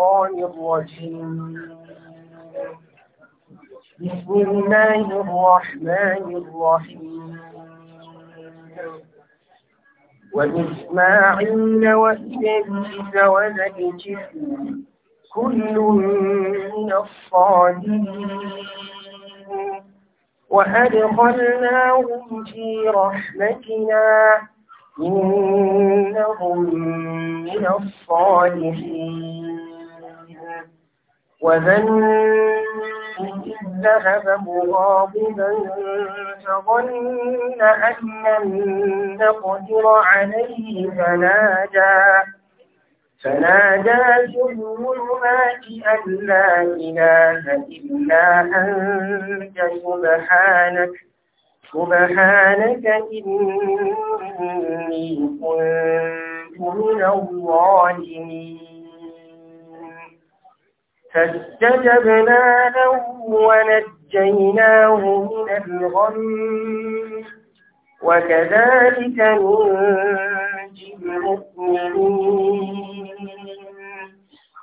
الشيطان الرجيم بسم الله الرحمن الرحيم وإسماعيل وإدريس وذا كل من الصالحين وأدخلناهم في رحمتنا إنهم من الصالحين وذني إذ ذهب مغاضبا فظن أن لن نقدر عليه فنادى فنادى في الظلمات أن لا إله إلا أنت سبحانك سبحانك إني كنت من الظالمين فاستجبنا له ونجيناه من الغم وكذلك ننجي المؤمنين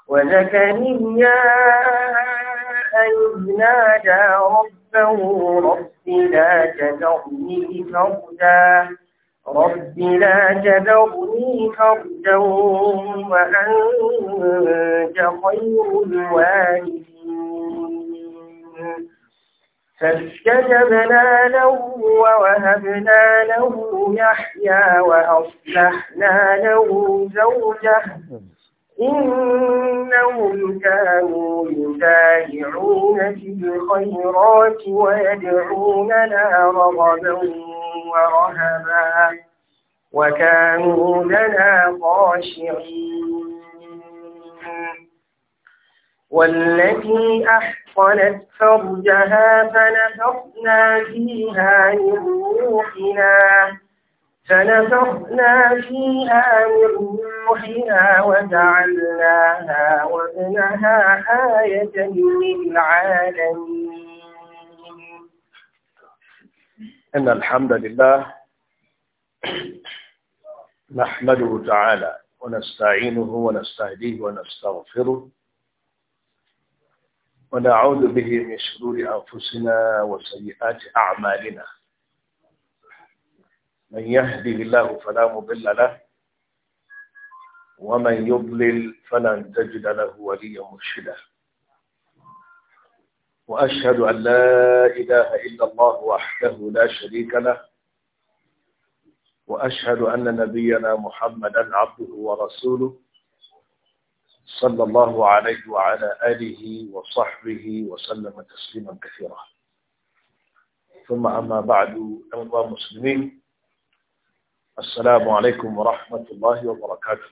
وزكريا إذ نادى ربه رب لا تذرني فردا رب لا تذرني فردا وأنت خير الوالدين فاستجبنا له ووهبنا له يحيى وأصلحنا له زوجه إنهم كانوا يسارعون في الخيرات ويدعوننا رغبا ورهبا وكانوا لنا خاشعين والتي أحصنت فرجها فنفخنا فيها من روحنا فنفخنا فيها من روحنا وجعلناها وابنها آية للعالمين إن الحمد لله نحمده تعالى ونستعينه ونستهديه ونستغفره ونعوذ به من شرور أنفسنا وسيئات أعمالنا من يهده الله فلا مضل له ومن يضلل فلن تجد له وليا مرشدا وأشهد أن لا إله إلا الله وحده لا شريك له وأشهد أن نبينا محمدا عبده ورسوله صلى الله عليه وعلى آله وصحبه وسلم تسليما كثيرا ثم أما بعد أيها المسلمين السلام عليكم ورحمة الله وبركاته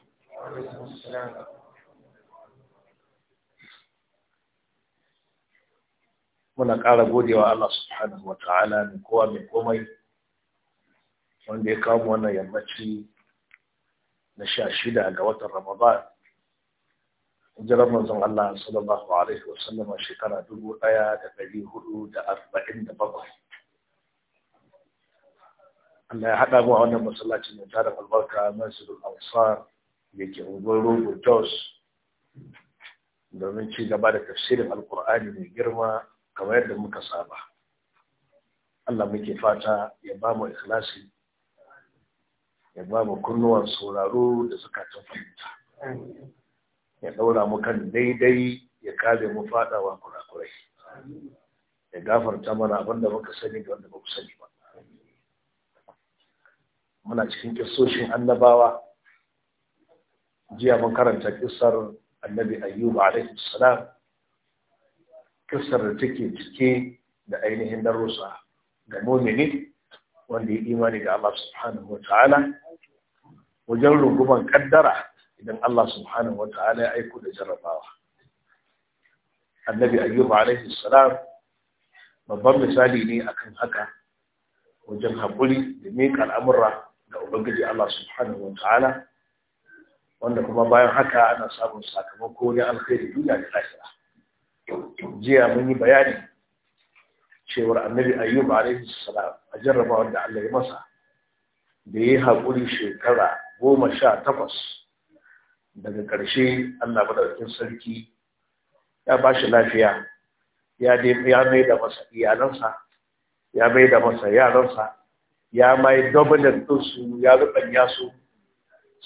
muna ƙara godewa Allah subhanahu wata'ala mai kowa mai komai wanda ya kawo wannan yammaci na sha shida ga watan Ramadan jiran manzon Allah sallallahu alaihi wasallama shekara dubu ɗaya da ɗari hudu da arba'in da bakwai Allah ya haɗa mu a wannan masallaci mai tara albarka masjidul ansar da ke unguwar rogo jos domin ci gaba da tafsirin alkur'ani mai girma kamar yadda muka saba Allah muke fata ya ba mu ikhlasi ya ba mu kunnuwan sauraro da zukatan fahimta ya ɗaura mu kan daidai ya kare mu faɗawa kurakurai ya gafarta mana abinda muka sani da wanda ba sani ba muna cikin kisoshin annabawa jiya mun karanta kisar annabi ayyub alaihi salam kisar da take cike da ainihin darussa ga mumini wanda ya imani ga Allah subhanahu wa ta'ala wajen runguman kaddara idan Allah subhanahu wa ta'ala ya aiko da jarrabawa annabi ayyub alaihi salam babban misali ne akan haka wajen haƙuri da miƙa al'amura da ubangiji Allah subhanahu wa ta'ala wanda kuma bayan haka ana samun sakamako na alkhairi duniya da lahira jiya mun yi bayani cewar annabi ayyub alaihi salam a jarraba wanda Allah ya masa da ya yi haƙuri shekara goma sha takwas daga ƙarshe Allah madaukakin sarki ya ba shi lafiya ya mai da masa iyalansa ya mai da masa yaransa ya mai doublet din su ya rubanya su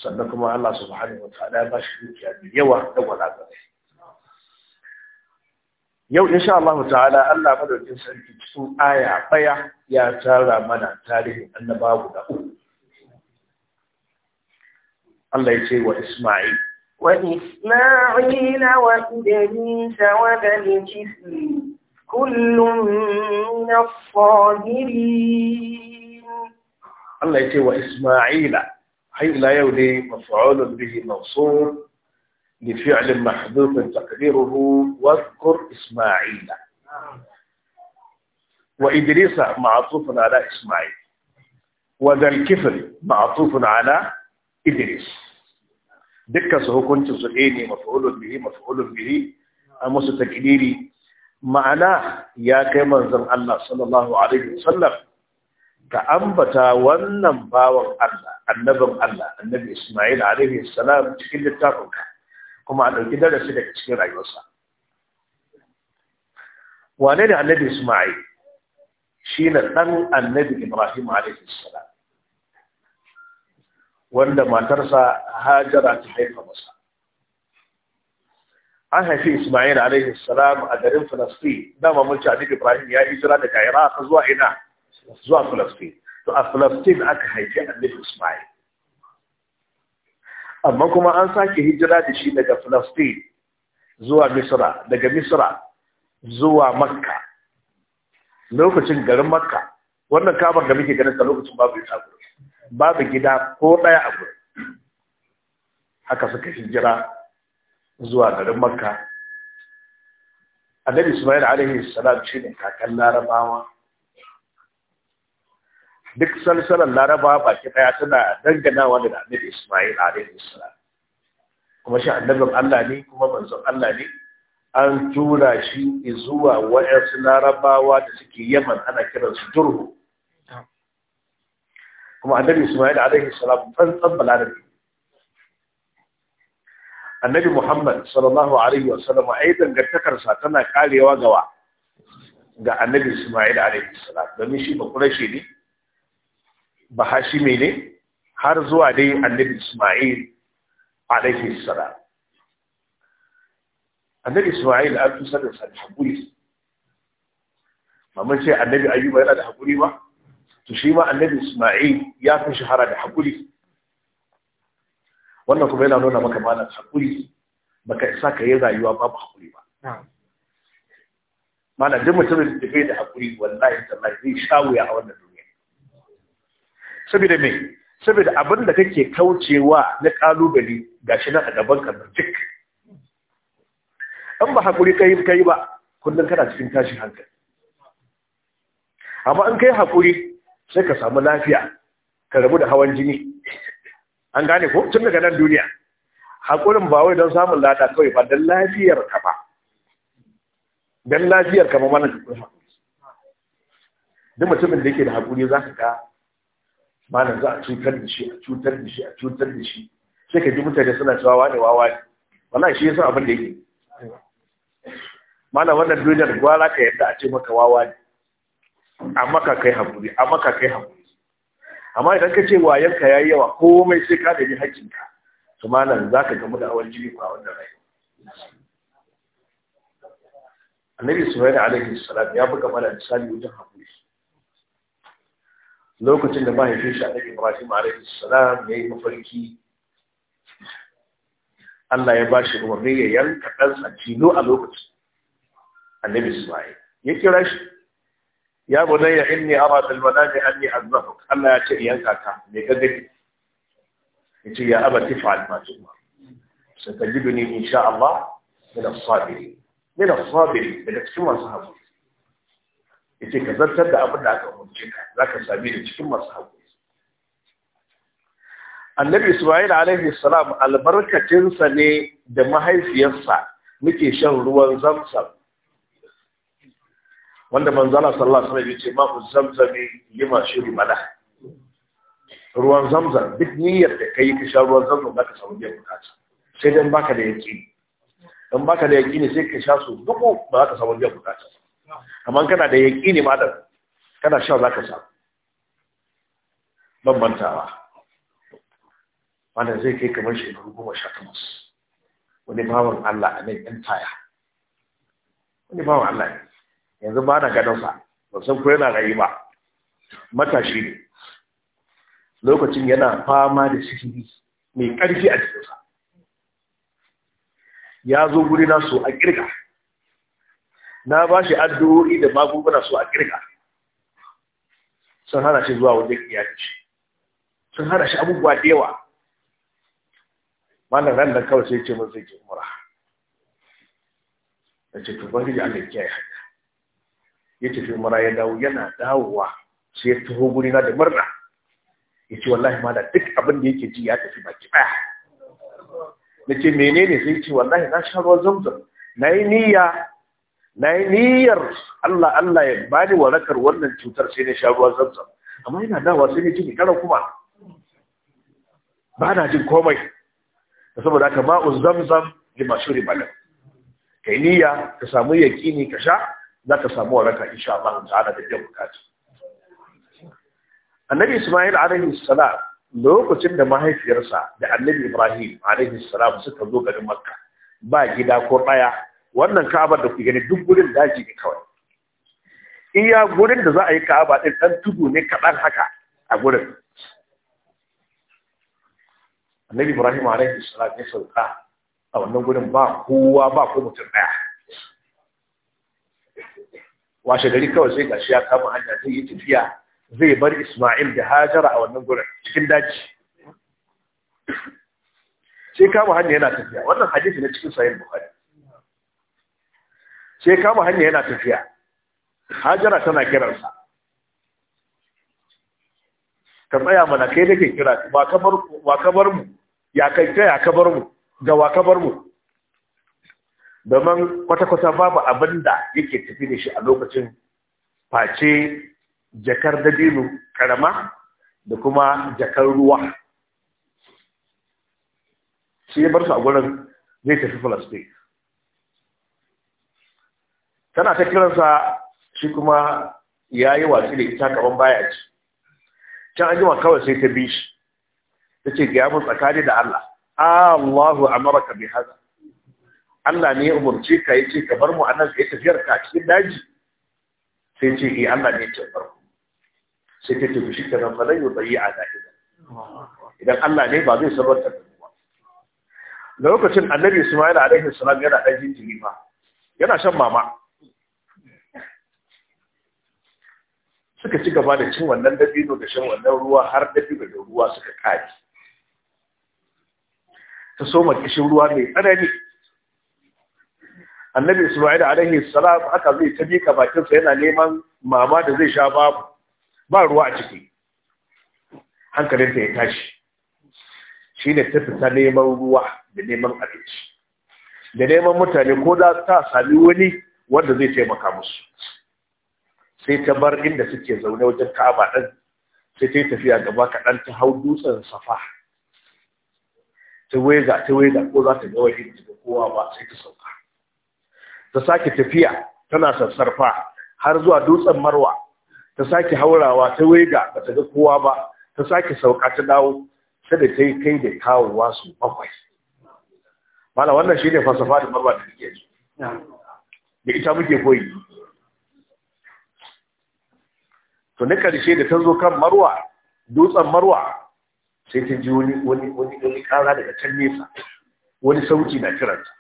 sannan kuma Allah subhanahu wataala ya ba shi dukiya da yawa da wadata yau insha Allah ta'ala Allah madaukin sarki cikin aya baya ya tara mana tarihin annabawa guda uku Allah ya ce wa Isma'il وإسماعيل وإدريس وذا الكفل Kullum na الصابرين الله يتي وإسماعيل حي لا يولي مفعول به موصول لفعل محذوف تقديره واذكر إسماعيل وإدريس معطوف على إسماعيل وذا الكفر معطوف على إدريس دكا سهو كنت سؤيني مفعول به مفعول به أمس تكديري معناه يا كما الله صلى الله عليه وسلم ka ambata wannan bawan Allah annabin Allah annabi Ismail alaihi salam cikin littafinka kuma a ɗauki darasi daga cikin rayuwarsa wane ne annabi Ismail shi ne ɗan annabi Ibrahim alaihi salam wanda matarsa Hajara ta haifa masa an haifi Ismail alaihi salam a garin Falastin dama mulki annabi Ibrahim ya hijira daga Iraq zuwa ina zuwa Falastin to a Falastin aka haifi Annabi Ismail amma kuma an sake hijira da shi daga Falastin zuwa Misra daga Misra zuwa Makka lokacin garin Makka wannan kamar da muke ganin ta lokacin babu ita babu gida ko daya a gurin haka suka hijira zuwa garin Makka Annabi Ismail alaihi salam ne kakan Larabawa duk salsalar laraba baki daya tana danganawa da annabi isma'il alaihi salam kuma shi annabin Allah ne kuma manzon Allah ne an tura shi zuwa wa'yansu larabawa da suke yaman ana kiransu jurhu kuma annabi isma'il alaihi salam da balarabi annabi muhammad sallallahu alaihi wasallam ai dangantakarsa tana karewa gawa ga annabi isma'il alaihi salam domin shi ba kurashi ne bahashime ne har zuwa dai annabi Ismail alaihi salam annabi Ismail an fi da sa hakuri amma ce annabi Ayyuba yana da hakuri ba to shi ma annabi Ismail ya fi shahara da hakuri wannan kuma yana nuna maka malam hakuri baka isa ka yi rayuwa babu hakuri ba malam duk mutumin da bai da hakuri wallahi tallahi zai shawuya a wannan saboda mai saboda abin da kake kaucewa na kalubale shi na a gaban ka duk an ba hakuri kai kai ba kullun kana cikin tashin hankali amma an kai hakuri sai ka samu lafiya ka rabu da hawan jini an gane ko tun daga nan duniya hakurin ba wai don samun lada kawai ba don lafiyar ka ba don lafiyar ka ba mana duk mutumin da yake da hakuri za ka ga malam za a cutar da shi a cutar da shi a cutar da shi sai ka ji mutane suna cewa wane wa ne wallahi shi yasa abin da yake malam wannan duniyar gwara ka yadda a ce maka wa ne amma ka kai hakuri amma ka kai hakuri amma idan ka ce wayan ka yayi yawa komai sai ka dabi hakkin ka to malam za ka gamu da awan jini ba wannan rai annabi sallallahu alaihi wasallam ya buga mana misali wajen hakuri lokacin da mahaifin shi annabi Ibrahim alaihi salam yayi mafarki Allah ya bashi umarni ya yanka ɗansa tilo a lokacin annabi Isma'il ya kira shi ya bunayya inni ara fil manami anni azbahuk Allah ya ce yanka ka me ka gani yace ya abati fa'al ma tu'mar satajiduni insha Allah min as-sabirin min as-sabirin daga cikin masu hakuri Yake ka zartar da abin da aka umarce ka ka sami da cikin masu haƙuri annabi isma'il alaihi salam albarkacinsa ne da mahaifiyarsa muke shan ruwan zamzam wanda manzala sallallahu alaihi wasallam yace ma zamzami lima shuri mala ruwan zamzam duk niyyar da kai ka sha ruwan zamzam zaka samu biyan bukata sai dan baka da yaki dan baka da yaki ne sai ka sha su duku ba zaka samu biyan bukata amma kana da ne ma kana sha za ka samu bambantawa wanda zai kai kamar shekaru goma sha takwas wani bawan Allah a nan yan taya wani bawan Allah ne yanzu ba na gadonsa ba san ko yana rayu ba matashi ne lokacin yana fama da sihiri mai ƙarfi a jikinsa ya zo guri na so a ƙirga na ba shi addu'o'i da magunguna su a kirga sun hana shi zuwa wajen iyali sun hana shi abubuwa da yawa wannan nan da kawai sai ce mun zai ke umara da ce tuban gidi an ya kiyaye haka ya tafi umara ya dawo yana dawowa sai ya taho guri na da murna ya ce wallahi ma da duk abin da yake ji ya tafi baki ɗaya na ce menene sai ce wallahi na sha ruwan zamzam na yi niyya na yi niyyar Allah Allah ya bani warakar wannan cutar sai na sha zamzam amma yana dawa sai ne jini kara kuma ba na jin komai da saboda haka ma'un zamzam da masu ka kai niyya ka samu yakini ka sha za ka samu waraka sha Allah ta'ala da biyan bukatu annabi Ismail alaihi salam lokacin da mahaifiyarsa da annabi Ibrahim alaihi salam suka zo garin Makka ba gida ko ɗaya. wannan ka'abar da ku gani duk gurin daji ne kawai iya gurin da za a yi ka'aba din dan tudu ne kaɗan haka a gurin annabi ibrahim alaihi salatu ya sauka a wannan gurin ba kowa ba ko mutum daya washe gari kawai sai gashi ya kama hanya zai yi tafiya zai bar isma'il da hajara a wannan gurin cikin daji sai kama hanya yana tafiya wannan hadisi na cikin sahih bukhari sai kama hanya yana tafiya hajara tana kiransa ka tsaya mana kai da ke kira wa kabar ya kai ta ya kabar mu ga wa kabar mu domin kwata-kwata babu abin da yake tafi da shi a lokacin face jakar dabino karama da kuma jakar ruwa shi ya bar su a gurin zai tafi falastin tana ta kiransa shi kuma ya yi watsi da ita kaman baya ci can an jima kawai sai ta bi shi ta ce gaya mun tsakani da Allah Allahu amaraka bi haza Allah ne ya umarci ka ya ce ka bar mu anan sai tafiyar ka a cikin daji sai ce eh Allah ne ya ce bar sai ta ce shi kana fa lan yi a dahida idan Allah ne ba zai sabarta ba lokacin annabi Isma'il alaihi salam yana dan jinjiri ba yana shan mama suka ci gaba da cin wannan dabino da shan wannan ruwa har dabino da ruwa suka kare ta soma kishin ruwa mai tsanani annabi isma'il alaihi salam aka zai ta bika sa yana neman mama da zai sha babu ba ruwa a ciki hankalinta ya tashi shi ta fita neman ruwa da neman abinci da neman mutane ko za ta sami wani wanda zai taimaka musu sai ta bar inda suke zaune wajen ka'aba ɗan sai ta yi tafiya gaba kaɗan ta hau dutsen safa ta waiza ta waiza ko za ta ga wani daga kowa ba sai ta sauka ta sake tafiya tana sassarfa har zuwa dutsen marwa ta sake haurawa ta wega ba ta ga kowa ba ta sake sauka ta dawo ta da ta yi kai da kawowa su bakwai mana wannan shi ne fasafa da marwa da nake ji da ita muke koyi to na karshe da ta zo kan marwa dutsen marwa sai ta ji wani wani wani wani kara daga can nesa wani sauti na kiranta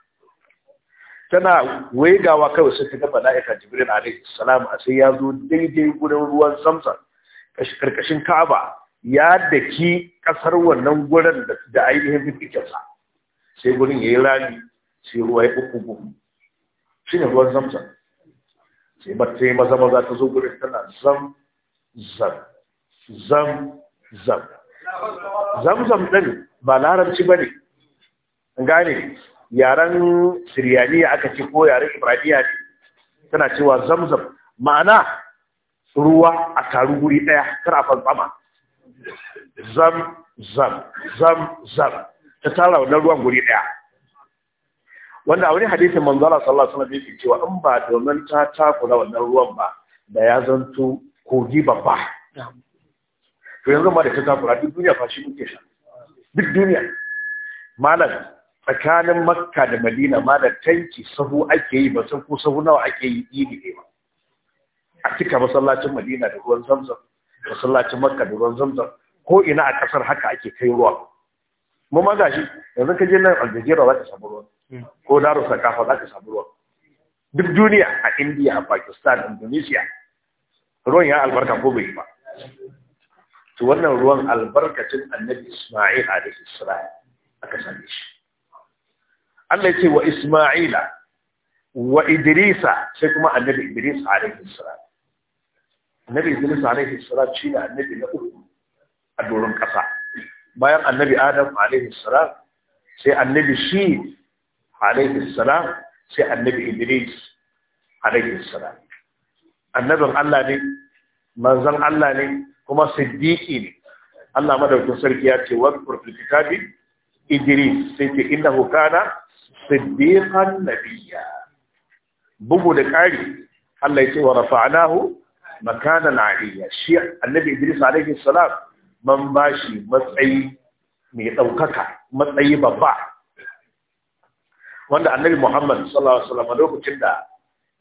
tana waigawa kawai sai ta ga mala'ika jibril alaihi salam a sai ya zo daidai gurin ruwan samsan karkashin ka'aba ya daki kasar wannan gurin da ainihin sa sai gurin ya yi rami sai ruwa ya uku shi ne ruwan samsan sai ba yi maza maza ta zo gurin tana zam zam zam zam zam ɗin ba larabci ba ne gane yaren siriyaniya aka ce ko yaren ibraniya ne tana cewa zam-zam ma'ana ruwa a taru guri ɗaya kar a zama. zam zam zam zam ta tara wannan ruwan guri ɗaya wanda a wani hadisin manzala sallallahu alaihi wasallam ce cewa in ba domin ta takura wannan ruwan ba da ya zanto kogi babba to yanzu ma da ta zafura duk duniya shi muke sha duk duniya malam tsakanin makka da madina da tanki sahu ake yi ba san ko sahu nawa ake yi iri ne ba a cika masallacin madina da ruwan zamzam masallacin makka da ruwan zamzam ko ina a kasar haka ake kai ruwa mu ma gashi yanzu ka je nan aljazeera za ka samu ruwa hmm. ko darussa kafa za ka samu ruwa duk duniya a India, a pakistan indonesia ruwan ya albarka ko bai ba to wannan ruwan albarkacin annabi Isma'il alaihi salam aka same shi Allah yake wa Isma'ila wa Idrisa sai kuma annabi Idris alaihi salam annabi Idris alaihi salam shi ne annabi na uku a doron ƙasa bayan annabi Adam alaihi salam sai annabi shi alaihi salam sai annabi Idris alaihi salam annabin Allah ne manzon Allah ne kuma siddiqi ne Allah madaukakin sarki ya ce wa fil kitabi Idris sai ce innahu kana siddiqan nabiyya bugu da ƙari Allah ya ce wa rafa'nahu makanan aliyya shi annabi Idris alaihi salam man bashi matsayi mai ɗaukaka matsayi babba wanda annabi Muhammad sallallahu alaihi wasallam lokacin da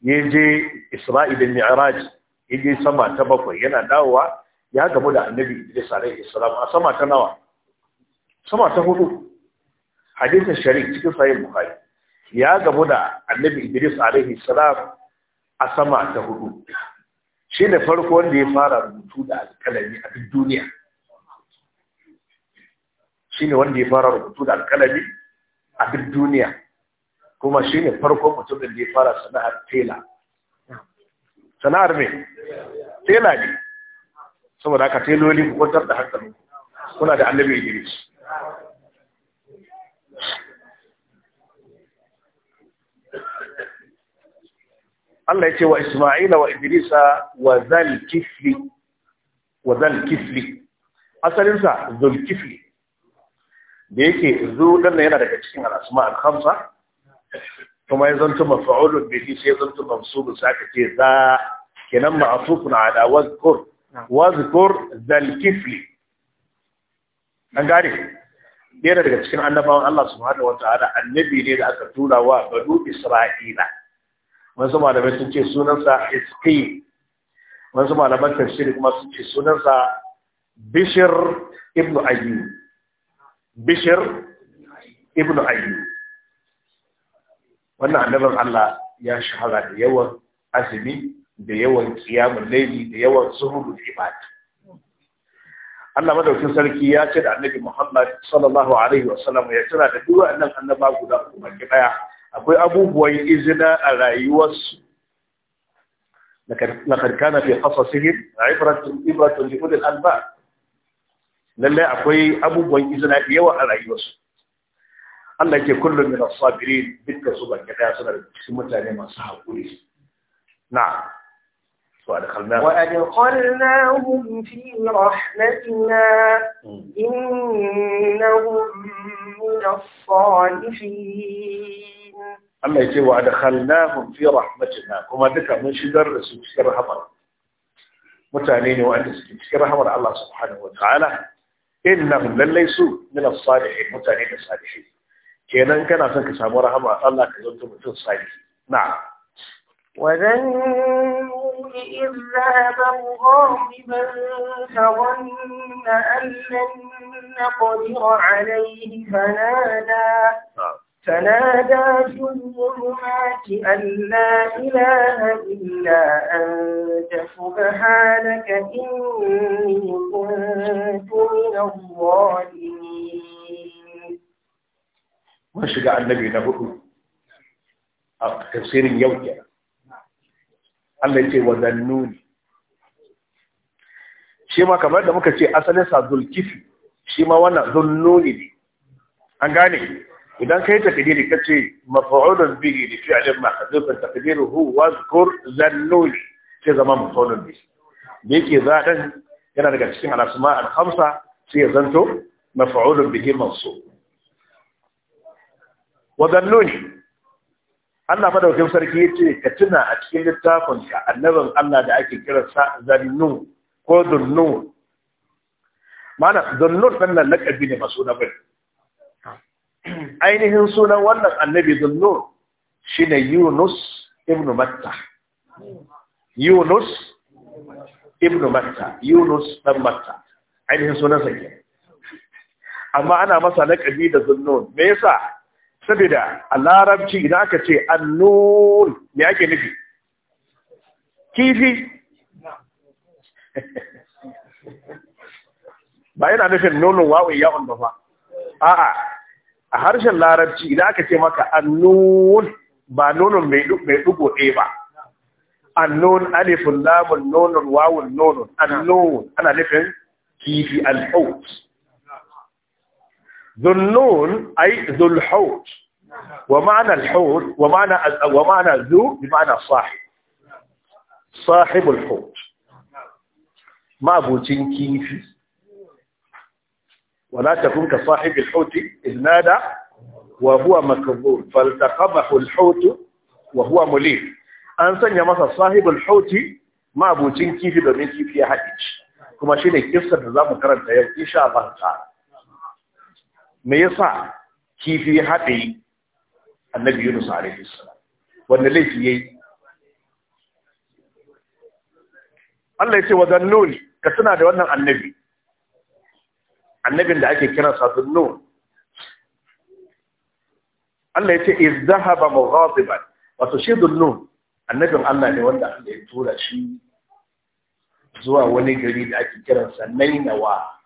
ya je Isra'il da Mi'raj ya je sama ta bakwai yana dawowa ya gamu da Annabi Idris alaihi salam a sama ta nawa sama ta hudu hadisin sharif cikin sahih Bukhari ya gamu da Annabi Idris alaihi salam a sama ta hudu shi ne farko wanda ya fara rubutu da alƙalami a duk duniya shi ne wanda ya fara rubutu da alƙalami a duk duniya kuma shi ne farkon mutumin da ya fara sana'ar tela sana'ar ne tela ne saboda haka teloli ku kwantar da hankalin kuna da annabi idris Allah ya ce wa Ismaila wa Idrisa wa zal kifli wa zal kifli asalinsa zul kifli da yake zu dan yana daga cikin al'asma al-khamsa kuma ya zanto mafa'ulun bihi sai ya zanto mamsulun sa ka ce za kenan ma'asufun ala wazkur wazkur zal kifli an gane ɗaya daga cikin annabawan Allah subhanahu wa ta'ala annabi ne da aka tura wa banu Isra'ila wasu malamai sun ce sunansa Isqi wasu malaman tafsiri kuma sun ce sunansa Bishir ibn Ayyub Bishir ibn Ayyub wannan annabin Allah ya shahara da yawan azumi da yawan kiyamun laili da yawan zuhurul ibad Allah madaukin sarki ya ce da annabi Muhammad sallallahu alaihi wa sallam ya tana da duk wannan annaba guda uku baki daya akwai abubuwan izina a rayuwarsu لقد كان في قصصهم عبرة عبرة لأولي الألباب lallai akwai abubuwan izina da yawa a rayuwarsu Allah ke kullum min as-sabirin dukkan su ban kada suna da cikin mutane masu hakuri na'am وأدخلناهم في رحمتنا إنهم من الصالحين الله يقول وأدخلناهم في رحمتنا كما ذكر من شجر سكر رحمة متانين وأن سكر رحمة الله سبحانه وتعالى إنهم لن ليسوا من الصالحين متانين الصالحين kenan kana son ka samu rahama Allah ka zanto mutum sai na'am وذنوب إذ ذهب غاضبا فظن أن لن نقدر عليه فنادى نعم. فنادى في الظلمات أن لا إله إلا أنت سبحانك إني كنت من الظالمين mun shiga annabi na hudu a tafsirin yau kenan Allah ce wa zannuni shi ma kamar da muka ce asalin sa zulkifi shi ma wannan zannuni ne an gane idan kai takdiri kace maf'ulun bihi li fi'lin mahdhufun wa zkur zannuni sai zama maf'ulun bihi da yake zaɗin yana daga cikin al-asma al-khamsa sai ya zanto maf'ulun bihi mansub wadalluni Allah madaukin sarki yace ka tuna a cikin littafin ka annabin Allah da ake kira sa zannun ko dunnun mana dunnun dan nan lakabi ne masu na bai. ainihin sunan wannan annabi dunnun shine Yunus ibn Matta Yunus ibn Matta Yunus dan Matta ainihin sa ke amma ana masa lakabi da dunnun me yasa saboda a larabci idan aka ce annun ya ake nufi kifi ba yana nufin nonon wawai yawon ba fa a'a a harshen larabci idan aka ce maka annun ba nonon mai dugo ɗaya ba annun alifin lamun nonon wawon nonon annun ana nufin kifi al'aut ذو النون أي ذو الحوت ومعنى الحوت ومعنى ومعنى ذو بمعنى صاحب صاحب الحوت ما بوتين كيفي ولا تكون كصاحب الحوت إذ نادى وهو مكذوب فالتقمه الحوت وهو مليم ان sanya masa صاحب الحوت ما kifi domin kifi ya حديث كما kuma shi ne كرم da za mu me yasa kifi ya haɗe annabi Yunus alaihi salam wanda laifi ya yi? Allah ya ce wajen nuni ka tuna da wannan annabi annabin da ake kira sa nun? Allah ya ce iz zahaba ba wato shi zannun annabin Allah ne wanda Allah ya tura shi zuwa wani gari da ake kiransa Nainawa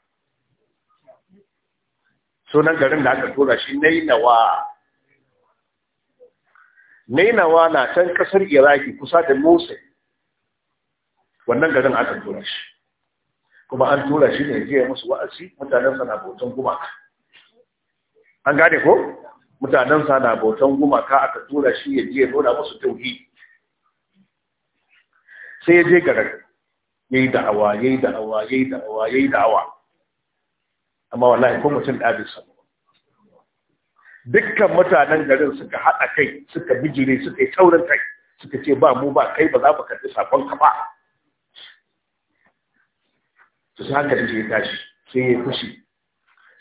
sunan garin da aka tura shi nainawa nainawa na can kasar iraki kusa da musa wannan garin aka tura shi kuma an tura shi ne zai musu wa'azi mutanen sana bautan gumaka an gane ko mutanen sana bautan gumaka aka tura shi ya je nuna musu tauhi sai ya je garin yayi da'awa yayi da'awa yayi da'awa yayi da'awa amma wallahi ko mutum da abin samu dukkan mutanen garin suka haɗa kai suka bijire suka yi taurin kai suka ce ba mu ba kai ba za mu karɓi sakon ka ba su sai haka ya tashi sai ya fushi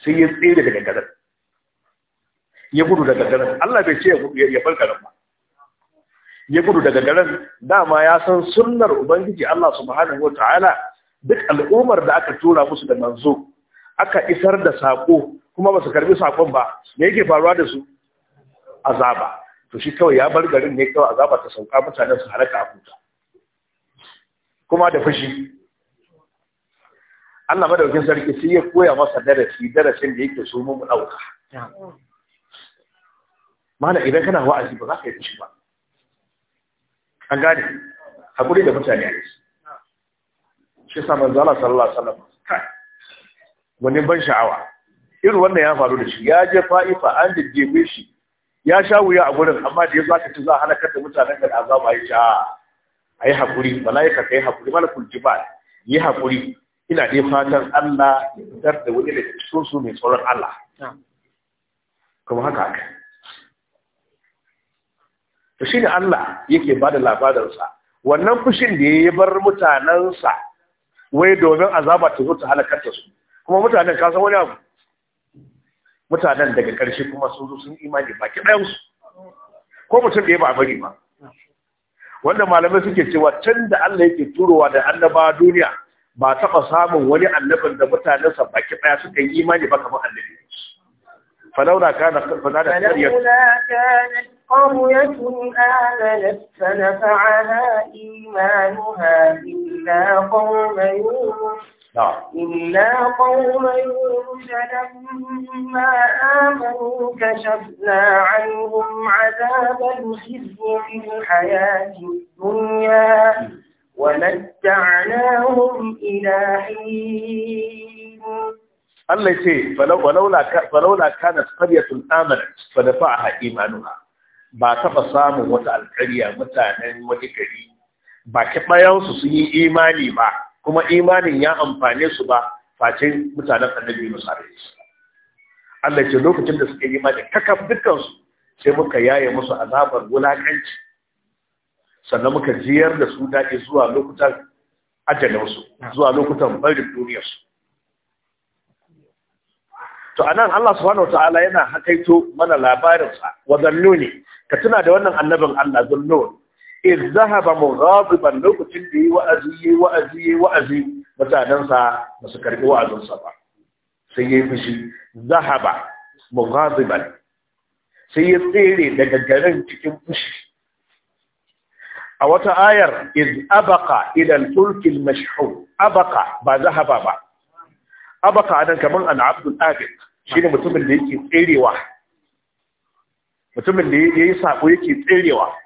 sai ya tsere daga garin ya gudu daga garin Allah bai ce ya bar garin ba ya gudu daga garin dama ya san sunnar ubangiji Allah subhanahu wataala duk al'ummar da aka tura musu da manzo aka isar da sako kuma ba su karbi sakon ba me yake faruwa da su azaba to shi kawai ya bar garin ne kawai azaba ta sauka mutanen su halaka a kuta kuma da fushi Allah madaukin sarki sai ya koya masa darasi darasin da yake so mu dauka mana idan kana wa'azi ba za ka yi fushi ba an gane hakuri da mutane a yi shi sa manzo sallallahu alaihi wasallam wani ban sha'awa irin wannan ya faru da shi ya je fa'ifa an jirgin shi ya sha wuya a gurin amma da ya ka ci za a halakar da mutanen da azaba yi sha a yi haƙuri mala'ika ka yi haƙuri mana malakul ba yi haƙuri ina dai fatan Allah ya fitar da wani da cikin su mai tsoron Allah kuma haka haka to Allah yake bada labarinsa wannan fushin da ya bar mutanensa wai domin azaba ta zo ta halakar su kuma mutanen kasa wani abu mutanen daga ƙarshe kuma sun zo sun imani baki ɗayansu ko mutum da ya ba a bari ba wanda malamai suke cewa can da Allah yake turowa da annaba duniya ba taɓa samun wani annabin da mutanensa baki ɗaya suka yi imani ba kamar annabi فلولا كانت فلولا كانت قرية آمنت فنفعها إيمانها إلا قوم يونس نعم. إلا قوم يوسف لما آمنوا كشفنا عنهم عذاب الخزي في الحياة الدنيا ومتعناهم إلى حين الله يقول فلولا فلولا كانت قرية آمنت فدفعها إيمانها ba taɓa samun wata alƙarya mutanen wani gari ba ki bayansu sun yi imani ba kuma imanin ya amfane su ba face mutanen annabi musa alaihi Allah ce lokacin da suka yi imani kakaf dukkan su sai muka yaye musu azabar wulakanci sannan muka jiyar da su daɗi zuwa lokutan ajalinsu zuwa lokutan barin duniyarsu to anan Allah subhanahu wataala yana hakaito mana labarinsa wa zannuni ka tuna da wannan annabin Allah zannuni in zahaba mughadiban lokacin da yi wa'azi yi wa'azi yi wa'azi mutanensa ba su karɓi wa'azinsa ba sai ya yi fushi zahaba mughadiban sai ya tsere daga garin cikin fushi a wata ayar iz abaka idan turkin mashahu abaka ba zahaba ba abaka anan kaman an abdul abid shine mutumin da yake tserewa mutumin da ya yi sako yake tserewa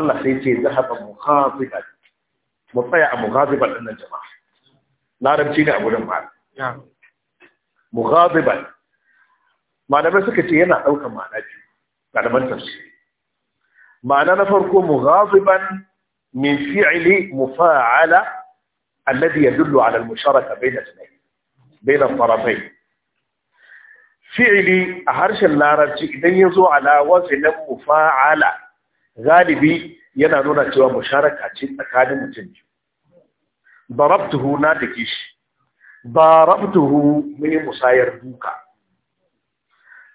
الله سيتي ذهب مخاطبا مطيع مغاضبا ان الجماعه لا رمتي ابو دمار نعم. مغاضبا ما دام سكتي يلا دوك ما ناجي أنا ما تفسير ما انا نفرك مغاضبا من فعل مفاعل الذي يدل على المشاركه بين اثنين بين الطرفين فعلي هرش اللارج إذا يزو على وزن مفاعلة galibi yana nuna cewa musharaka ce tsakanin mutum biyu barabtuhu na dake shi barabtuhu mai musayar duka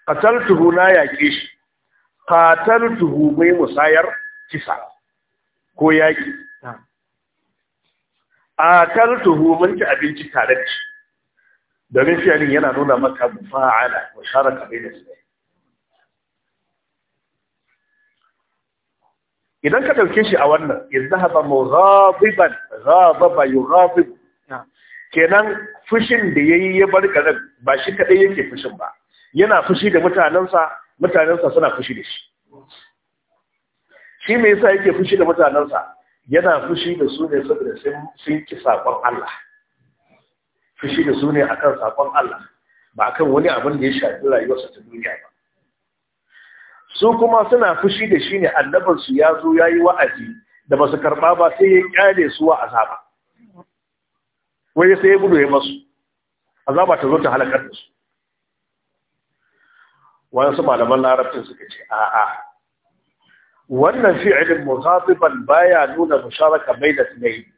qataltuhu na yake shi qataltuhu mai musayar kisa ko yaki akaltuhu mun ci abinci tare da shi domin fi'alin yana nuna maka mufa'ala musharaka bainasu idan ka ɗauke shi a wannan izahaba mughabiban ghababa yughazib kenan fushin da yayi ya bar garin ba shi kadai yake fushin ba yana fushi da mutanensa mutanensa suna fushi da shi shi me yasa yake fushi da mutanensa yana fushi da su ne saboda sun ki sakon Allah fushi da su ne akan sakon Allah ba akan wani abin da ya shafi rayuwarsa ta duniya ba su kuma suna fushi da shi ne annabinsu ya zo ya yi wa'azi da ba su karɓa ba sai ya ƙyale su wa azaba wai sai ya gudu ya masu azaba ta zo ta halakar da su su malaman larabcin suka ce a'a wannan fi'ilin ba baya nuna musharaka da tunai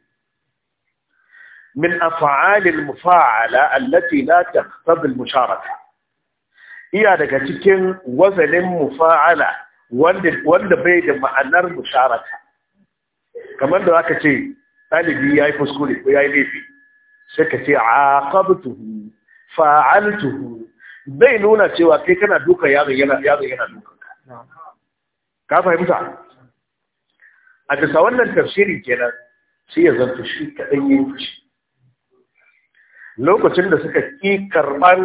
min af'alil mufa'ala allati la taqtadi musharaka iya daga cikin wazalin mufa'ala wanda bai da ma'anar musharaka kamar da aka ce ɗalibi ya yi fuskuri ko ya yi laifi sai ka ce aqabtuhu fa'altuhu bai nuna cewa kai kana duka yaron yana yaron yana duka ka fahimta a bisa wannan tafsiri kenan sai ya zanta shi kaɗan yin fushi lokacin da suka ƙi karɓar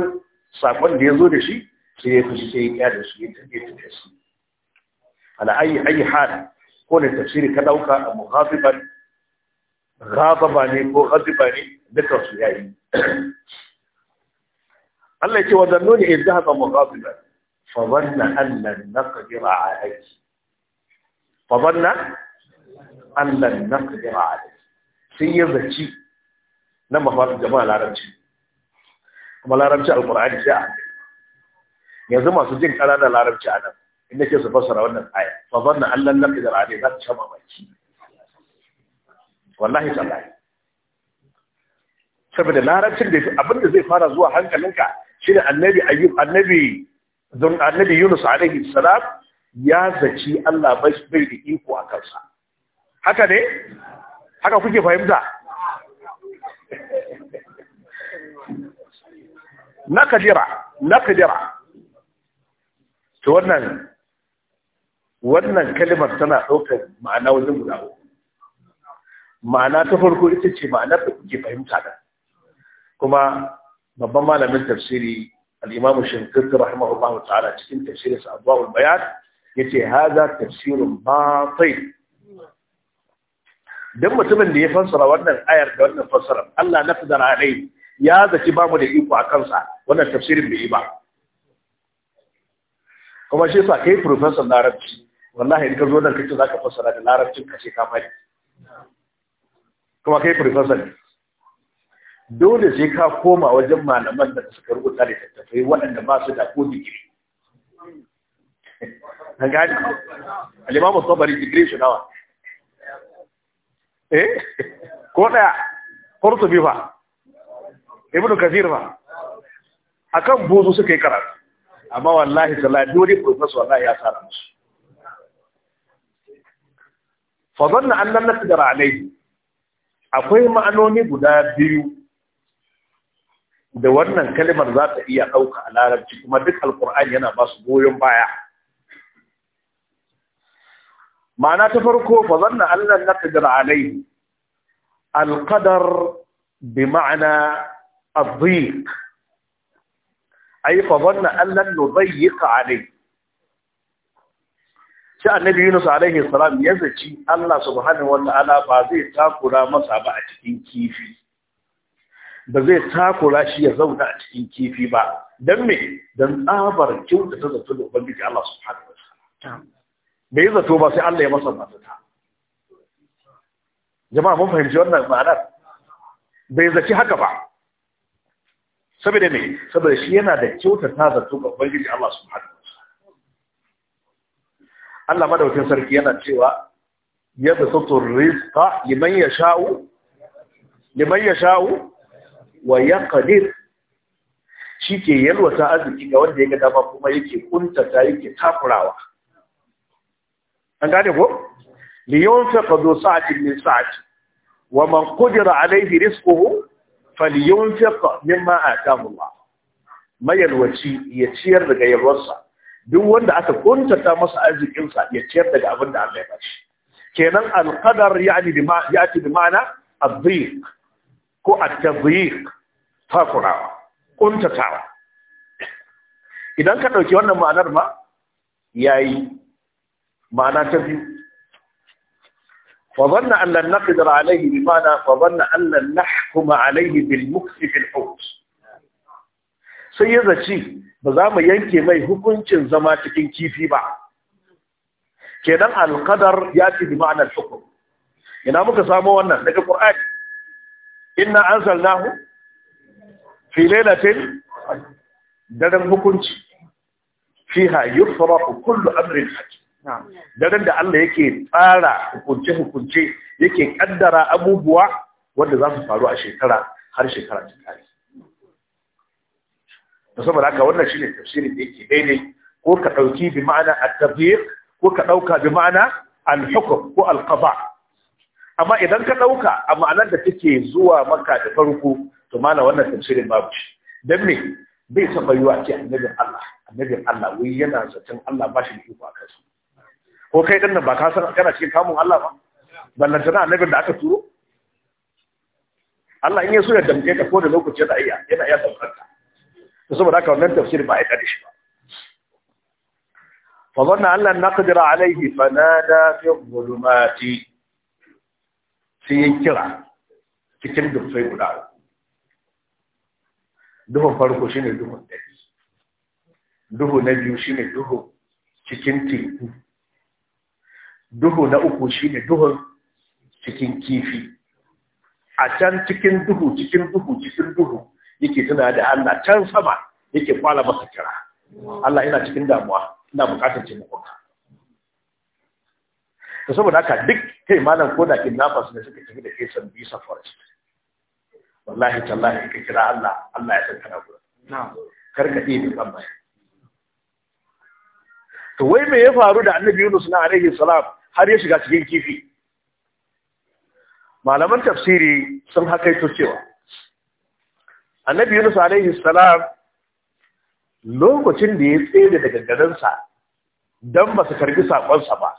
saƙon da ya zo da shi sai ya fushi sai ya kyale su ya tafi ta da su ala ayi ayi hal ko ne tafsiri ka dauka a muhafiban ghadaba ne ko ghadiba ne duka su yi. Allah ya ce wa zannuni idh dhahaba muhafiban fa dhanna an lan naqdira alayhi fa dhanna an naqdira alayhi sai ya zaci nan ba jama'a larabci kuma larabci alqur'ani sai a yanzu masu jin kara da larabci a nan in nake su fassara wannan aya fa zanna allan lam idar ali za ta sha mamaki wallahi tallahi saboda larabcin da abin da zai fara zuwa hankalinka shine annabi ayyub annabi don annabi yunus alaihi salam ya zaci Allah bai bai da iko a kansa haka ne haka kuke fahimta na kadira na kadira to wannan wannan kalimar tana ɗaukar ma'ana wajen guda uku ma'ana ta farko ita ce ma'anar da kuke fahimta da kuma babban malamin tafsiri al-imamu shinkirti rahimahullahu ta'ala cikin tafsirin sa abwaul bayan yace haza tafsirun batil dan mutumin da ya fassara wannan ayar da wannan fassara Allah na fadara alai ya zaci bamu da iko a kansa wannan tafsirin bai yi ba kuma shi sa kai professor larabci wallahi in ka zo nan kace zaka fassara da larabcin ka ce ka fadi kuma kai professor ne dole sai ka koma wajen malaman da suka rubuta da tattafai waɗanda ba su da ko digiri an gani alimamu tabari digiri shi nawa eh ko ɗaya kurtubi ba ibnu kazir ba akan buzu suka yi karatu amma wallahi talatin wani professor wallahi ya tsara musu fa zanna an lam naqdir alai, akwai ma'anoni guda biyu da wannan kalimar za ta iya ɗauka a larabci kuma duk alkur'ani yana ba su goyon baya ma'ana ta farko fa zanna an lam naqdir alai alqadar bi ma'ana الضيق ai fa zanna allan nudayyiqa alai shi annabi Yunus alaihi salam ya zaci Allah subhanahu wataala ba zai takura masa ba a cikin kifi ba zai takura shi ya zauna a cikin kifi ba don me don tsabar kyauta ta zato da ubangiji Allah subhanahu Me bai zato ba sai Allah ya masa mafita jama'a mun fahimci wannan ma'anar bai zaci haka ba saboda ne saboda shi yana da kyautata zato ga ubangiji Allah subhanahu Allah madaukin sarki yana cewa yadda sutun rizqa liman yasha'u liman yasha'u wa yaqdir shike yalwata arziki ga wanda yake dafa kuma yake ta yake takurawa an gane ko li yunfiq du sa'atin min sa'ati wa man qadira alayhi rizquhu falyunfiq mimma atahu Allah mayalwaci ya ciyar daga yarwarsa duk wanda aka kuntata masa arzikinsa ya ciyar daga abin da Allah ya shi. kenan alqadar yani bima yati bi ma'ana adhiq ko atadhiq fakura kuntatawa idan ka dauki wannan ma'anar ma yayi ma'ana ta biyu فظن أن لن نقدر عليه بمعنى فظن أن لن نحكم عليه بالمكس في الحوت سيدة شيء بزام ينكي مي هكونشن زما تكين كيفي بعض كذا القدر يأتي بمعنى الحكم ina muka samo wannan daga Qur'ani inna anzalnahu fi lailatin daren hukunci fiha yufrahu kullu amrin hakim daren da Allah yake tsara hukunce-hukunce yake kaddara abubuwa wanda za su faru a shekara har shekara ta kare da saboda haka wannan shine tafsiri da yake daidai ko ka ɗauki bi ma'ana at-tafsir ko ka ɗauka bi ma'ana al-hukm ko al-qada amma idan ka ɗauka a ma'anar da take zuwa maka da farko to mana wannan tafsirin babu shi dan me bai saba yiwa ce annabin Allah annabin Allah wai yana zaton Allah ba shi da iko a kansa ko kai din nan ba ka san kana cikin kamun Allah ba na annabin da aka turo Allah in ya so ya damke ka ko da lokacin da iya yana iya saukar ka to saboda haka wannan tafsir ba ya kare shi ba fa zanna Allah naqdir alaihi nada fi dhulumati sai ya kira cikin dufai guda duhun farko shine duhun dare duhu na biyu shine duhu cikin teku duhu na uku shi ne duhun cikin kifi a can cikin duhu cikin duhu cikin duhu yake tuna da Allah can sama yake kwala masa kira Allah ina cikin damuwa ina bukatar taimakonka to saboda haka duk kai malam ko da kidnappers ne suka tafi da kai san bisa forest wallahi tallahi ka kira Allah Allah ya san kana gurin na'am karka ɗebe kan bayan to wai me ya faru da annabi Yunus na alaihi salam har ya shiga cikin kifi malaman tafsiri sun hakaito cewa annabi yunus alaihi salam lokacin da ya tsere daga garinsa don ba su karbi saƙonsa ba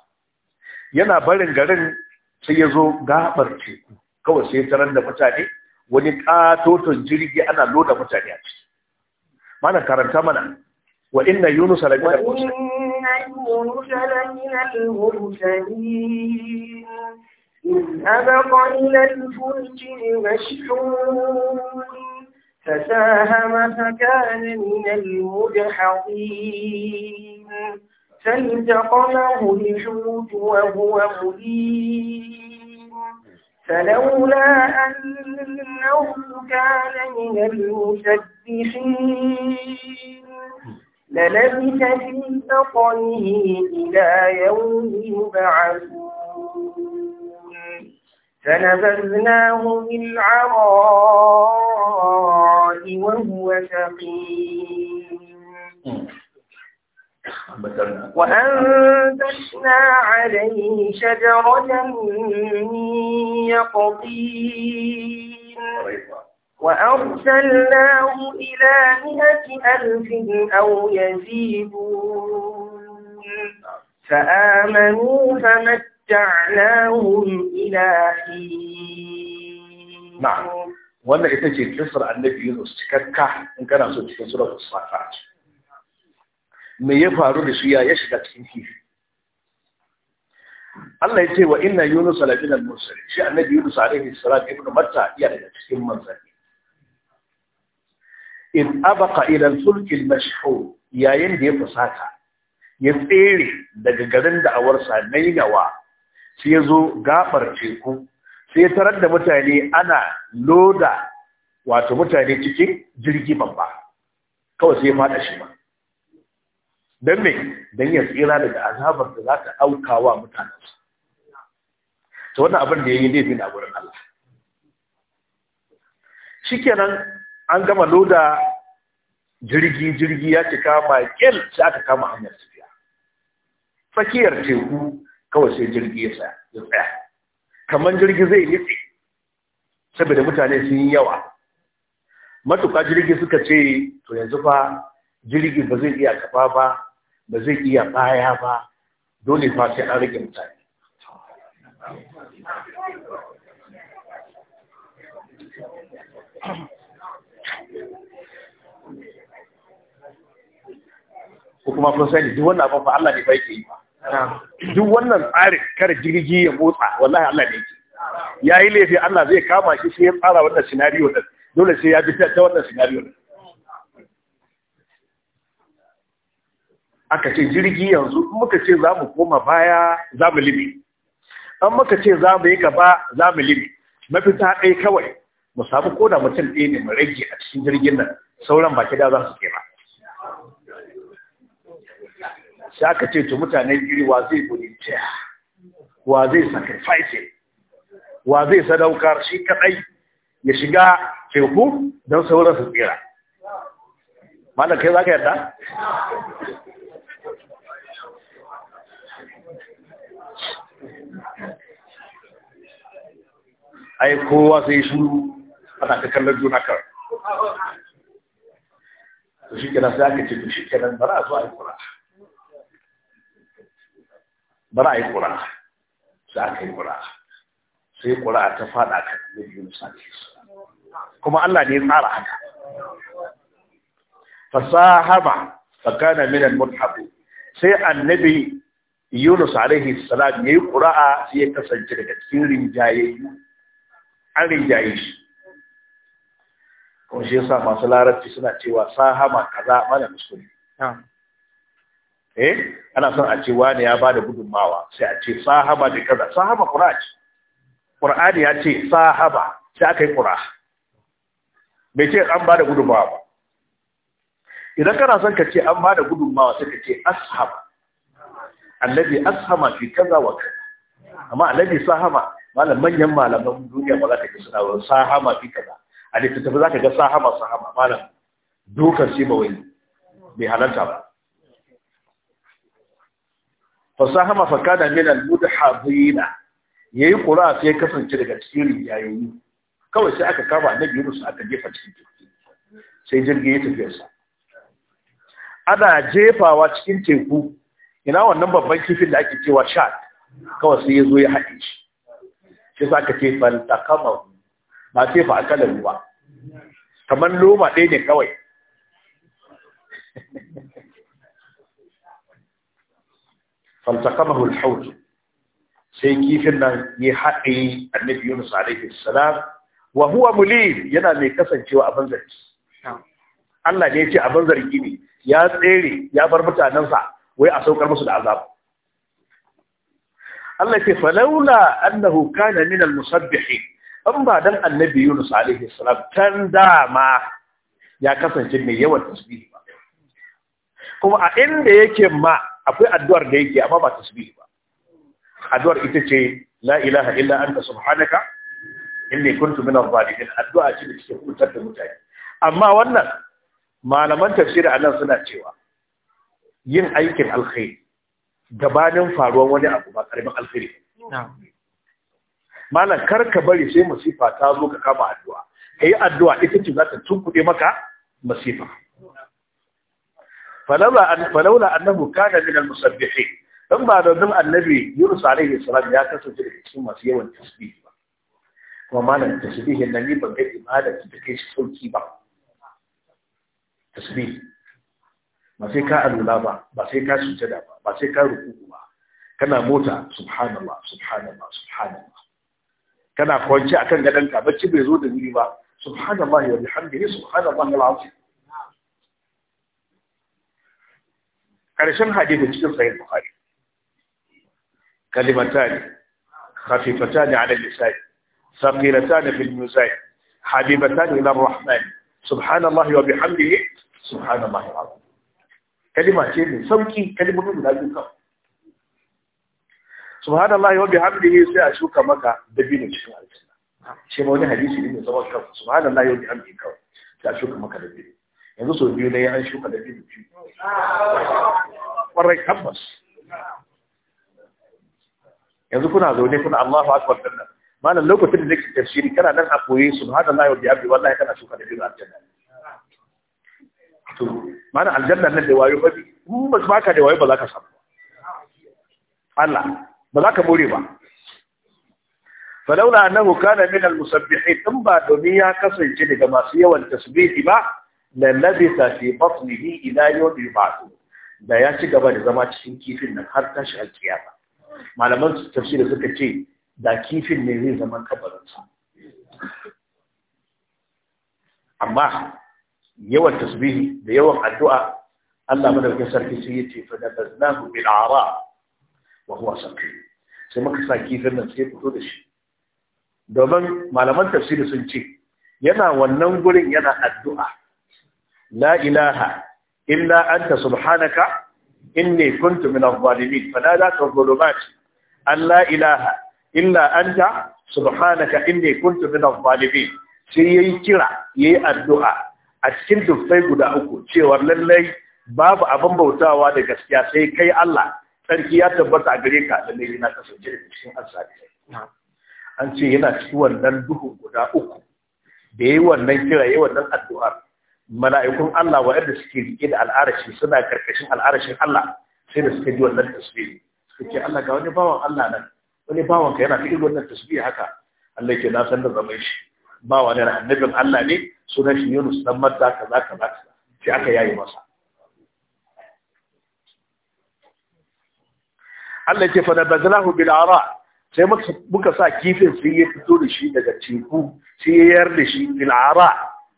yana barin garin sai ya zo gabar teku kawai sai tarar da mutane wani ƙatoton jirgi ana loda mutane a ciki mana karanta mana wa inna yunus alaihi salam يونس من المرسلين إذ أبق إلى الفلك المشحون فساهم فكان من المدحضين فالتقمه الحوت وهو مليم فلولا أنه كان من المسبحين للبث في بطنه إلى يوم يبعثون فنبذناه بالعراء وهو سقيم وأنبتنا عليه شجرة من يقطين وأرسلناه إلى مئة ألف أو يزيدون فآمنوا فمتعناهم إلى حين wannan ita ce kisar annabi Yunus cikakka in kana so cikin suratul Safat me ya faru da shi ya shiga cikin kifi Allah ya ce wa inna Yunus la minal mursalin shi annabi Yunus alaihi salam ibnu Matta iya daga cikin manzanni in abaka idan sulkin mashhur yayin da ya fusata ya tsere daga garin da da'awarsa na gawa sai ya zo gabar teku sai ya tarar da mutane ana loda wato mutane cikin jirgi babba kawai sai ya fada shi ba don me don ya tsira daga azabar da za ta auka wa mutanensa ta wannan abin da ya yi laifin a wurin Allah shikenan an gama loda jirgi-jirgi ya cika makil sai aka kama hanyar tafiya tsakiyar teku kawai sai jirgi ya tsaya kamar jirgi zai nufi saboda mutane sun yi yawa matuka jirgi suka ce to yanzu fa jirgi ba zai iya kafa ba ba zai iya baya ba dole fa sai an rage mutane ko kuma kun sani duk wannan abin fa Allah ne ba yake yi ba duk wannan tsarin kar jirgi ya motsa wallahi Allah ne yake ya yi laifi Allah zai kama shi sai ya tsara wannan scenario din dole sai ya bi ta wannan scenario din aka ce jirgi yanzu in muka ce za mu koma baya za mu libi an muka ce za mu yi gaba za mu libi mafita ɗaya kawai mu samu koda mutum ɗaya ne mu rage a cikin jirgin nan sauran baki da za su kera sai aka ce to mutanen giri wa zai volunteer wa zai sacrifice wa zai sadaukar shi kadai ya shiga teku don sauran su tsira mana kai za ka yarda ai kowa sai shuru ana ta kallon juna kan shi kenan sai aka ce shi kenan bara a zo a yi kura bara a yi ƙura sai aka yi ƙura sai ƙura ta faɗa kan annabi Yunus kuma Allah ne ya tsara haka fasahaba tsakanin minan mutabu sai annabi Yunus alaihi salam ya yi ƙura'a sai ya kasance daga cikin rinjaye an rinjaye shi ya shi yasa masu larabci suna cewa sahama kaza mana musulmi eh ana son a ce wani ya bada gudunmawa sai a ce sahaba da kaza sahaba qur'ani qur'ani ya ce sahaba sai aka yi qur'a me ce an bada gudunmawa ba idan kana son ka ce an bada gudunmawa sai ka ce Ashaba, annabi ashama fi kaza wa kaza amma annabi sahaba malam manyan malaman duniya ba za ka ji suna sahama fi kaza a littattafa za ka ga sahama sahama malam dukan shi ba wani bai halarta ba fasahama fa kana min al-mudhadina yayi qura sai kasance daga cikin riyayoyi kawai sai aka kama annabi Yunus aka jefa cikin teku sai jirgi ya tafi sa ana jefawa cikin teku ina wannan babban kifin da ake cewa shark kawai sai ya zo ya haɗe shi sai aka ce takama ba sai fa aka ruwa kamar loma ɗaya ne kawai فالتقمه الحوت sai kifin nan ya haɗe annabi Yunus alaihi salam wa yana mai kasancewa abin Allah ne ya ce abin zargi ne ya tsere ya bar mutanensa wai a saukar musu da azab Allah ce falaula annahu kana min al-musabbihin ba dan annabi Yunus alaihi salam tan dama ya kasance mai yawan tasbihi ba kuma a inda yake ma akwai addu'ar da yake amma ba tasbih ba addu'ar ita ce la ilaha illa anta subhanaka inni kuntu min adh-dhalimin addu'a ce da take hutar da mutane amma wannan malaman tafsiri nan suna cewa yin aikin alkhairi gabanin faruwar wani abu ba karamin alkhairi malam ka bari sai masifa ta zo ka kama addu'a yi addu'a ita ce za ta tunkuɗe maka masifa falaula an falaula annahu kana min al-musabbihin dan ba da dan annabi Yunus alaihi salam ya kasance da cikin masu yawan tasbih ba kuma malam tasbihin nan ni ban ga ibada da kai shi sauki ba tasbih ba sai ka alula ba ba sai ka sujada ba ba sai ka ruku ba kana mota subhanallah subhanallah subhanallah kana kwanci akan gadonka bacci bai zo da wuri ba subhanallah wa bihamdihi subhanallah al-azim ƙarshen hadisi cikin sahih bukhari kalimatani خفيفتان على اللسان ثقيلتان في الميزان حبيبتان الى rahman سبحان الله وبحمده سبحان الله العظيم كلمه ce mai sauki kalmomi guda biyu kan subhanallahi wa bihamdihi sai a shuka maka dabino cikin aljanna shi ma wani hadisi ne mai zaman kan subhanallahi wa bihamdihi kawai sai a shuka maka dabino yanzu sau biyu na yi an shuka da biyu biyu. ƙwarai tabbas yanzu kuna zaune kuna Allahu akbar din nan malam lokacin da nake tafsiri kana nan a koyi subhanallahi wa bihamdihi wallahi kana shuka da biyu aljanna to malam aljanna nan da wayo babi in ba baka da wayo ba za ka samu Allah ba za ka more ba فلولا انه كان من المسبحين ثم ba دنيا ya kasance daga masu yawan tasbihi ba la labisa fi batnihi ila yawm su, da ya ci gaba da zama cikin kifin nan har tashi alkiyama malaman tafsiri suka ce da kifin ne zai zama kabarinsa amma yawan tasbihi da yawan addu'a Allah madaukakin sarki sai yace fa da baznahu bil ara wa huwa sarki, sai muka sa kifin nan sai fito da shi domin malaman tafsiri sun ce yana wannan gurin yana addu'a la ilaha illa anta subhanaka inni kuntu min adh-dhalimin fanadat adh-dhulumat an la ilaha illa anta subhanaka inni kuntu min adh-dhalimin sai yayi kira yayi addu'a a cikin dufai guda uku cewa lallai babu abin bautawa da gaskiya sai kai Allah sarki ya tabbata a gare ka lallai yana kasance da cikin azzalimi an ce yana cikin wannan duhu guda uku da yayi wannan kira yayi wannan addu'a mala'ikun Allah waɗanda suke rike da al'arashi suna karkashin al'arashin Allah sai da suka ji wannan tasbih Suke ce Allah ga wani bawan Allah nan wani bawan ka yana fi'il wannan tasbih haka Allah ke na san da zaman shi bawa ne annabin Allah ne sunan shi Yunus dan Matta kaza kaza sai aka yayi masa Allah ke fada bazalahu bil ara sai muka sa kifin sai ya fito da shi daga teku sai ya yar da shi bil ara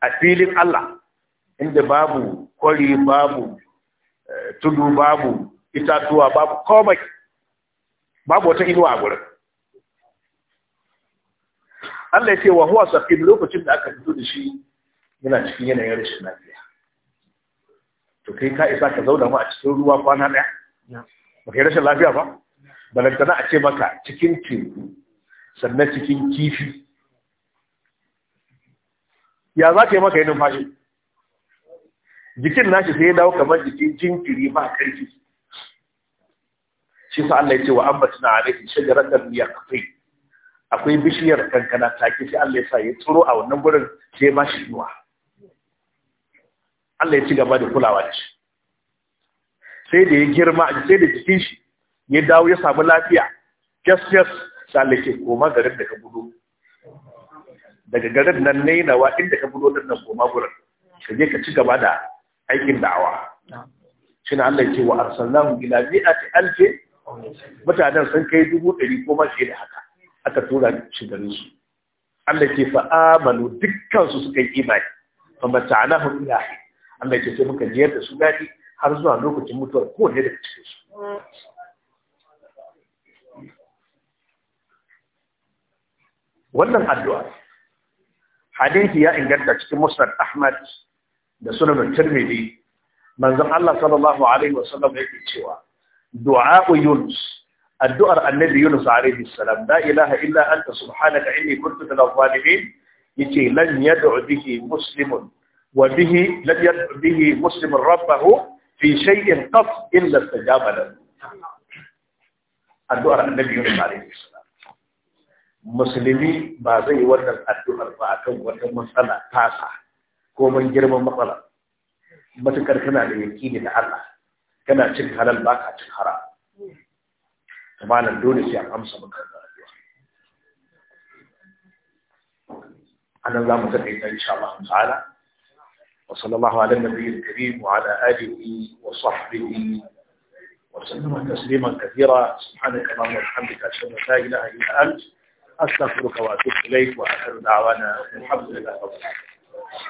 a filin Allah inda babu kwari babu eh, tudu babu itatuwa babu komai babu wata inuwa a gurin Allah ya ce wa huwa saqim lokacin da aka fito da shi yana cikin yanayin rashin lafiya to kai ka isa ka zauna mu a cikin ruwa kwana daya ba kai rashin lafiya ba balantana a ce maka cikin teku sannan cikin kifi ya za ka yi maka yi numfashi jikin nashi sai ya dawo kamar jikin jinkiri ba karfi shi sa Allah ya ce wa ambatna alaihi shajaratan yaqti akwai bishiyar kankana take sai Allah ya sa ya tsoro a wannan gurin sai ba shi ruwa Allah ya ci gaba da kulawa da shi sai da ya girma sai da jikin shi ya dawo ya samu lafiya yes yes sai Allah ya koma garin da ka gudu daga garin nan ne nawa inda ka gudu nan koma gurin ka je ka ci gaba da aikin da'awa shi na Allah ce wa arsalnahu ila mi'ati mutanen sun kai dubu ɗari ko mashi da haka aka tura shi da su Allah ke fa amanu dukkan suka yi imani fa mata'anahu ila Allah ce muka jiyar da su daɗi har zuwa lokacin mutuwar ko ne da cikin su wannan addu'a hadisi ya inganta cikin musnad Ahmad da sunan tirmidhi manzon Allah sallallahu alaihi wasallam yake cewa du'a yunus addu'ar annabi yunus alaihi salam la ilaha illa anta subhanaka inni kuntu minaz zalimin yace lan yad'u bihi muslimun wa bihi lan yad'u bihi muslimun rabbahu fi shay'in qat illa istajaba lahu addu'ar annabi yunus alaihi salam musulmi ba zai wannan addu'ar ba akan wata matsala tasa كما يجرم مقالا ما تكر كنا يكين الحالة كنا تشك هذا الباك تشك هرا كما أن الدنيا سيا أمس من هذا الدنيا أنا لا مزعج إن شاء الله تعالى وصلى الله على النبي الكريم وعلى آله وصحبه وسلم تسليما كثيرا سبحانك اللهم وبحمدك أشهد أن لا إله إلا أنت أستغفرك وأتوب إليك وآخر دعوانا الحمد لله رب العالمين